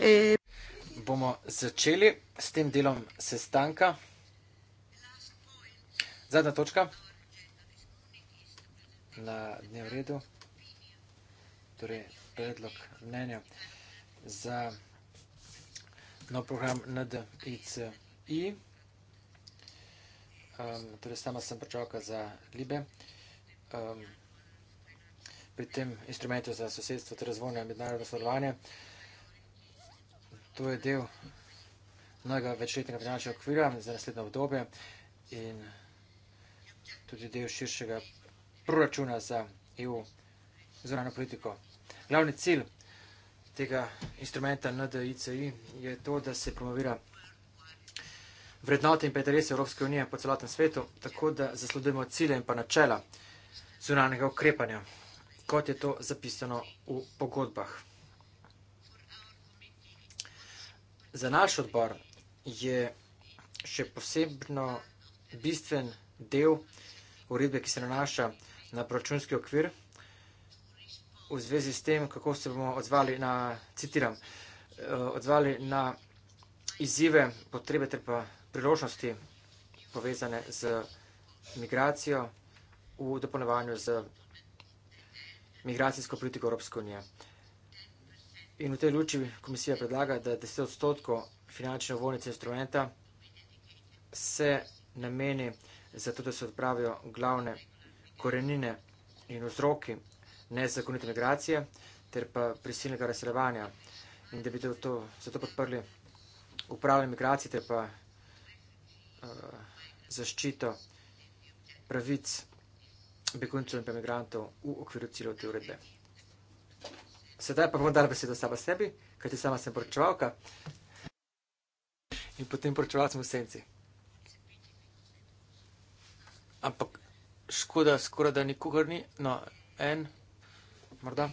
Eh. Bomo začeli s tem delom sestanka. Zadnja točka na dnevnem redu, torej predlog mnenja za nov program NDICI. Um, ehm, torej sama sem pričakal za Libe. Um, pri tem instrumentu za sosedstvo ter razvojno mednarodno sodelovanje. To je del novega večletnega finančnega okvira za naslednjo obdobje in tudi del širšega proračuna za EU zvonano politiko. Glavni cilj tega instrumenta NDICI je to, da se promovira vrednote in interese Evropske unije po celotnem svetu, tako da zasledujemo cilje in pa načela zunanega ukrepanja kot je to zapisano v pogodbah. Za naš odbor je še posebno bistven del uredbe, ki se nanaša na proračunski okvir v zvezi s tem, kako se bomo odzvali na, citiram, eh, odzvali na izzive, potrebe ter pa priložnosti povezane z migracijo v dopolnevanju z migracijsko politiko Evropske unije. In v tej luči komisija predlaga, da 10 odstotkov finančne volnice instrumenta se nameni za to, da se odpravijo glavne korenine in vzroki nezakonite migracije ter pa prisilnega razselevanja in da bi to, to, zato podprli upravljanje migracije ter pa uh, zaščito pravic beguncev in pa imigrantov v okviru cilov te uredbe. Sedaj pa bom dala besedo sama sebi, kajti sama sem poročevalka in potem poročevala sem v senci. Ampak škoda, skoraj da nikogar ni, no, en, morda.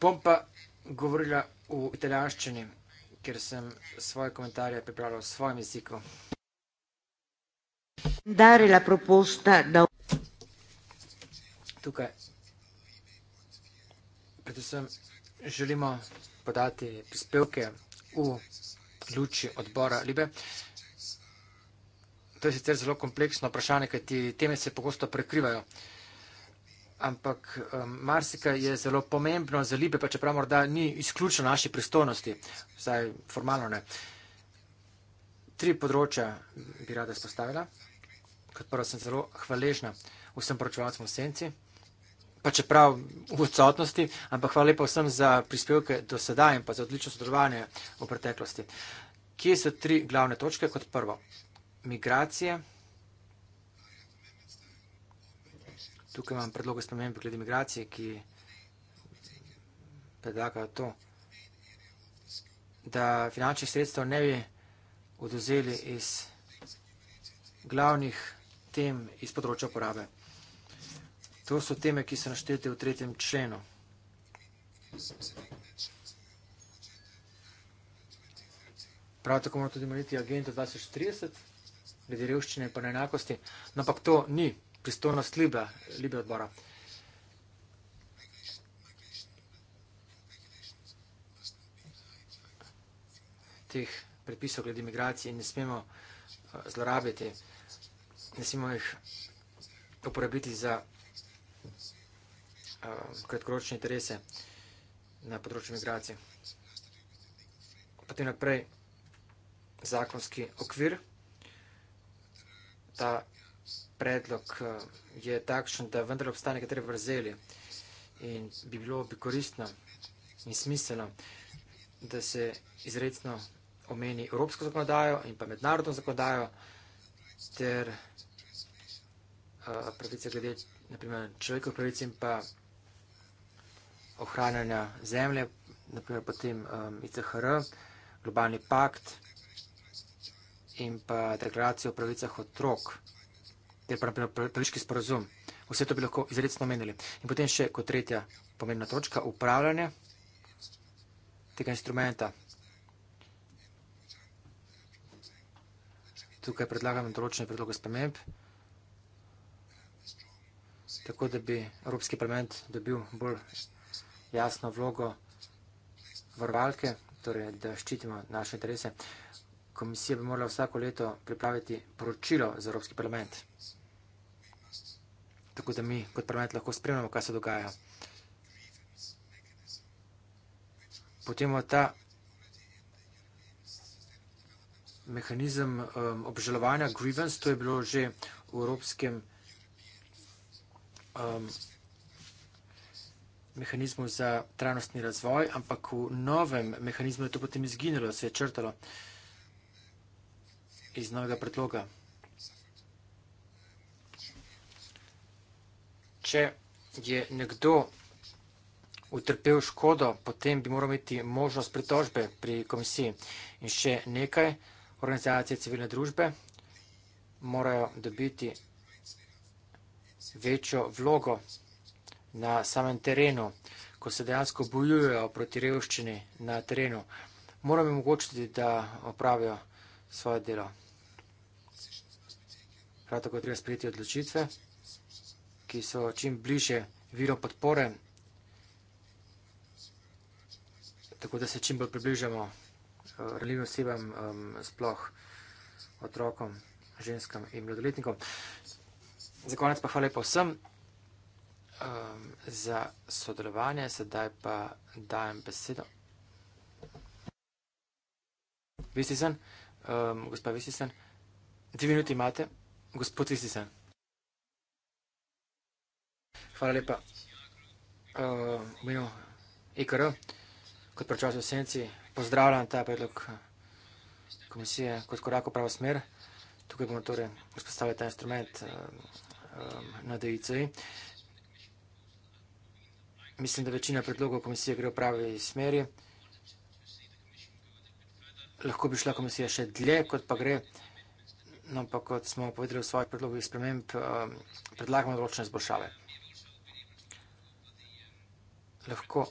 Bom pa govorila v italijanščini, ker sem svoje komentarje pripravila v svojem jeziku dare la proposta da tukaj predvsem želimo podati prispevke v luči odbora Libe. To je sicer zelo kompleksno vprašanje, kaj ti teme se pogosto prekrivajo. Ampak um, marsika je zelo pomembno za Libe, pa čeprav morda ni izključno naši pristojnosti, vsaj formalno ne tri področja bi rada izpostavila. Kot prvo sem zelo hvaležna vsem poročevalcem v senci, pa čeprav v odsotnosti, ampak hvala lepa vsem za prispevke do sedaj in pa za odlično sodelovanje v preteklosti. Kje so tri glavne točke? Kot prvo, migracije. Tukaj imam predloge spremembe glede migracije, ki predlagajo to, da finančnih sredstev ne bi oduzeli iz glavnih tem iz področja porabe. To so teme, ki so naštete v tretjem členu. Prav tako moramo tudi moliti agento 2030, glede revščine in enakosti, no, ampak to ni pristojnost Libe, Libe odbora. Teh predpisov glede migracije in ne smemo eh, zlorabiti, ne smemo jih uporabiti za eh, kratkoročne interese na področju migracije. Potem naprej zakonski okvir. Ta predlog eh, je takšen, da vendar obstaja nekatere vrzeli in bi bilo bi koristno in smiselno, da se izredno omeni evropsko zakonodajo in pa mednarodno zakonodajo ter eh, pravice glede naprimer človekovih pravic in pa ohranjanja zemlje, naprimer potem eh, ICHR, globalni pakt in pa deklaracijo o pravicah otrok ter pa naprimer pravički sporozum. Vse to bi lahko izredno omenili. In potem še kot tretja pomembna točka, upravljanje tega instrumenta. tukaj predlagam določene predloge sprememb, tako da bi Evropski parlament dobil bolj jasno vlogo varovalke, torej da ščitimo naše interese. Komisija bi morala vsako leto pripraviti poročilo za Evropski parlament, tako da mi kot parlament lahko spremljamo, kaj se dogaja. Potem bo ta mehanizem um, obžalovanja grievance, to je bilo že v evropskem um, mehanizmu za trajnostni razvoj, ampak v novem mehanizmu je to potem izginilo, se je črtalo iz novega predloga. Če je nekdo utrpel škodo, potem bi moral imeti možnost pritožbe pri komisiji. In še nekaj, organizacije civilne družbe morajo dobiti večjo vlogo na samem terenu, ko se dejansko bojujejo proti revščini na terenu. Moramo jim omogočiti, da opravijo svoje delo. Prav tako treba sprejeti odločitve, ki so čim bliže virom podpore, tako da se čim bolj približamo rljivim osebam, um, sploh otrokom, ženskam in mladoletnikom. Za konec pa hvala lepo vsem um, za sodelovanje, sedaj pa dajem besedo. Vistisen, um, gospa Vistisen, dve minuti imate, gospod Vistisen. Hvala lepa. Uh, Mino, IKR, kot pravčas v senci, pozdravljam ta predlog eh, komisije kot korak v pravo smer. Tukaj bomo torej vzpostavili ta instrument eh, eh, na DIC-ji. Mislim, da večina predlogov komisije gre v pravi smeri. Lahko bi šla komisija še dlje, kot pa gre, no pa kot smo povedali v svojih predlogih sprememb, predlagamo določene zboljšave. Lahko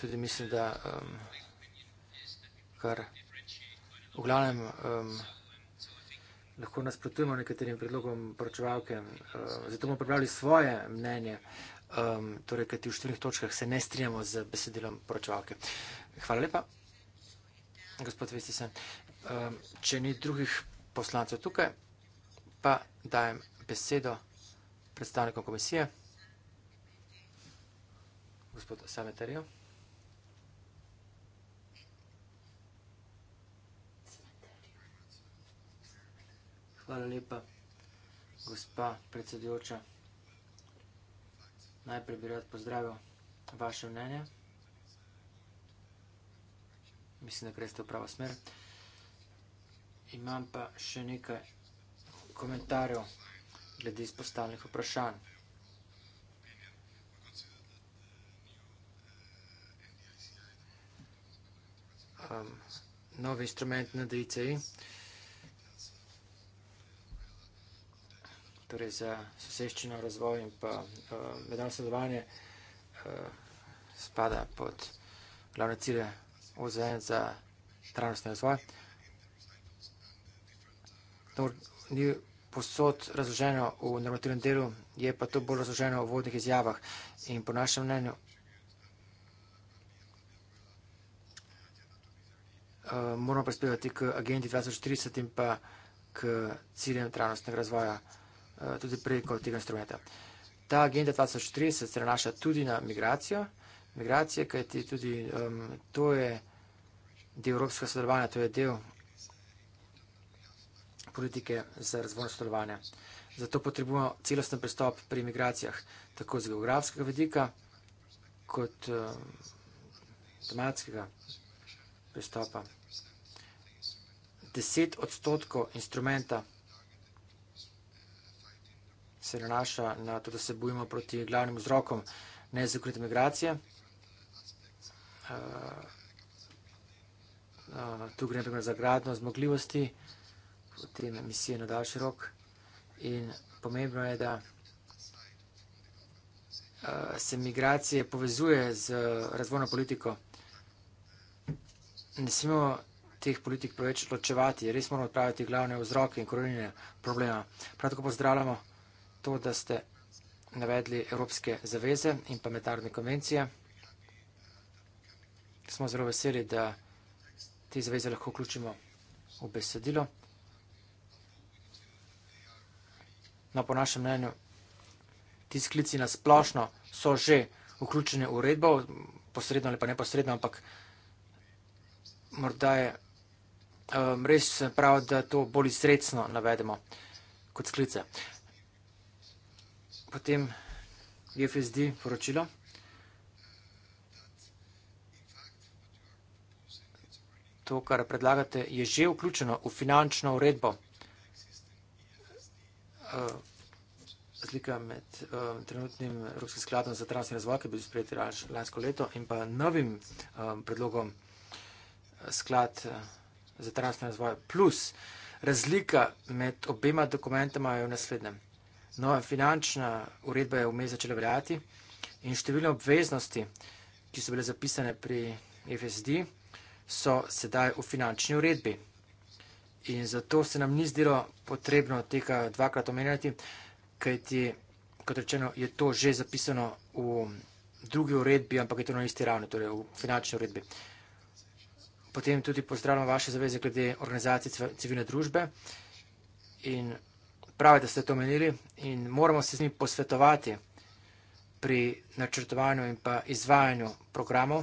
tudi mislim, da um, kar v glavnem um, lahko nasprotujemo nekaterim predlogom poročevalke, um, zato bomo pripravili svoje mnenje, um, torej, kajti v številnih točkah se ne strinjamo z besedilom poročevalke. Hvala lepa, gospod Vestisen. Um, če ni drugih poslancev tukaj, pa dajem besedo predstavnikom komisije. Gospod Sametarijo. Hvala lepa, gospa predsedujoča. Najprej bi rad pozdravil vaše mnenje. Mislim, da greste v pravo smer. Imam pa še nekaj komentarjev glede izpostavljenih vprašanj. Um, novi instrument na DCI. torej za soseščino, razvoj in pa uh, mednarodno sodelovanje uh, spada pod glavne cilje OZN e za trajnostni razvoj. To ni posod razloženo v normativnem delu, je pa to bolj razloženo v vodnih izjavah in po našem mnenju uh, moramo prispevati k agendi 2030 in pa k ciljem trajnostnega razvoja. Uh, Eh, tudi preko tega instrumenta. Ta agenda 2030 se nanaša tudi na migracijo. Migracije, kajti tudi um, to je del evropskega sodelovanja, to je del politike za razvojno sodelovanje. Zato potrebujemo celosten pristop pri migracijah, tako z geografskega vedika, kot um, tematskega pristopa. 10 odstotkov instrumenta se nanaša na to, da se bojimo proti glavnim vzrokom nezakonite migracije. Eh, eh, tu gre naprimer za gradno zmogljivosti, potem misije na daljši rok in pomembno je, da eh, se migracije povezuje z razvojno politiko. Ne smemo teh politik preveč ločevati, res moramo odpraviti glavne vzroke in korenine problema. Prav tako pozdravljamo to, da ste navedli evropske zaveze in pa mednarodne konvencije. Smo zelo veseli, da te zaveze lahko vključimo v besedilo. No, po našem mnenju, ti sklici na splošno so že vključeni v uredbo, posredno ali pa neposredno, ampak morda je um, res prav, da to bolj izredno navedemo kot sklice potem FSD poročilo. To, kar predlagate, je že vključeno v finančno uredbo. Eh, zlika med eh, trenutnim Evropskim skladom za transni razvoj, ki je bil sprejeti lansko leto, in pa novim eh, predlogom sklad za transni razvoj plus. Razlika med obema dokumentama je v naslednjem. Nova finančna uredba je vmes začela veljati in številne obveznosti, ki so bile zapisane pri FSD, so sedaj v finančni uredbi. In zato se nam ni zdelo potrebno tega dvakrat omenjati, kajti, kot rečeno, je to že zapisano v drugi uredbi, ampak je to na isti ravni, torej v finančni uredbi. Potem tudi pozdravljam vaše zaveze glede organizacije civilne družbe in pravite, ste to omenili in moramo se z njimi posvetovati pri načrtovanju in pa izvajanju programov,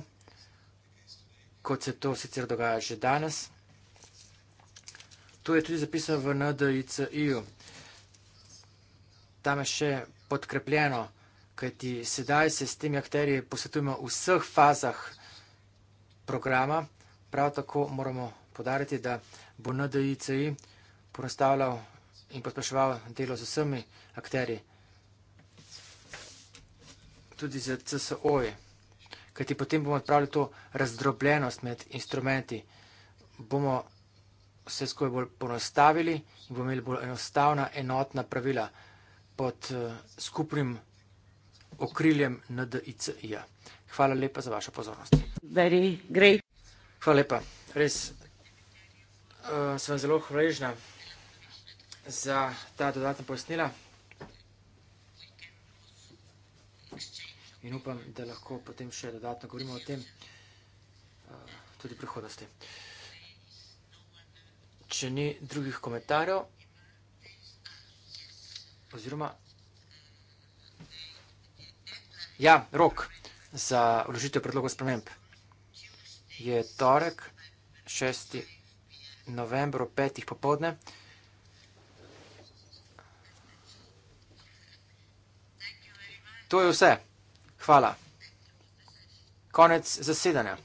kot se to sicer dogaja že danes. Tu je tudi zapisano v NDICI-ju. Tam je še podkrepljeno, kajti sedaj se s temi akterji posvetujemo v vseh fazah programa. Prav tako moramo podariti, da bo NDICI porastavljal in pospraševal delo z vsemi akterji, tudi z CSO-je, kajti potem bomo odpravili to razdrobljenost med instrumenti, bomo vse skoje bolj ponostavili in bomo imeli bolj enostavna, enotna pravila pod eh, skupnim okriljem NDICI-ja. Hvala lepa za vašo pozornost. Hvala lepa, res eh, sem zelo hvaležna za ta dodatna pojasnila. In upam, da lahko potem še dodatno govorimo o tem, eh, tudi v prihodnosti. Če ni drugih komentarjev, oziroma. Ja, rok za vložitev predloga sprememb je torek, 6. novembro, 5. popovdne. To je vse. Hvala. Konec zasedanja.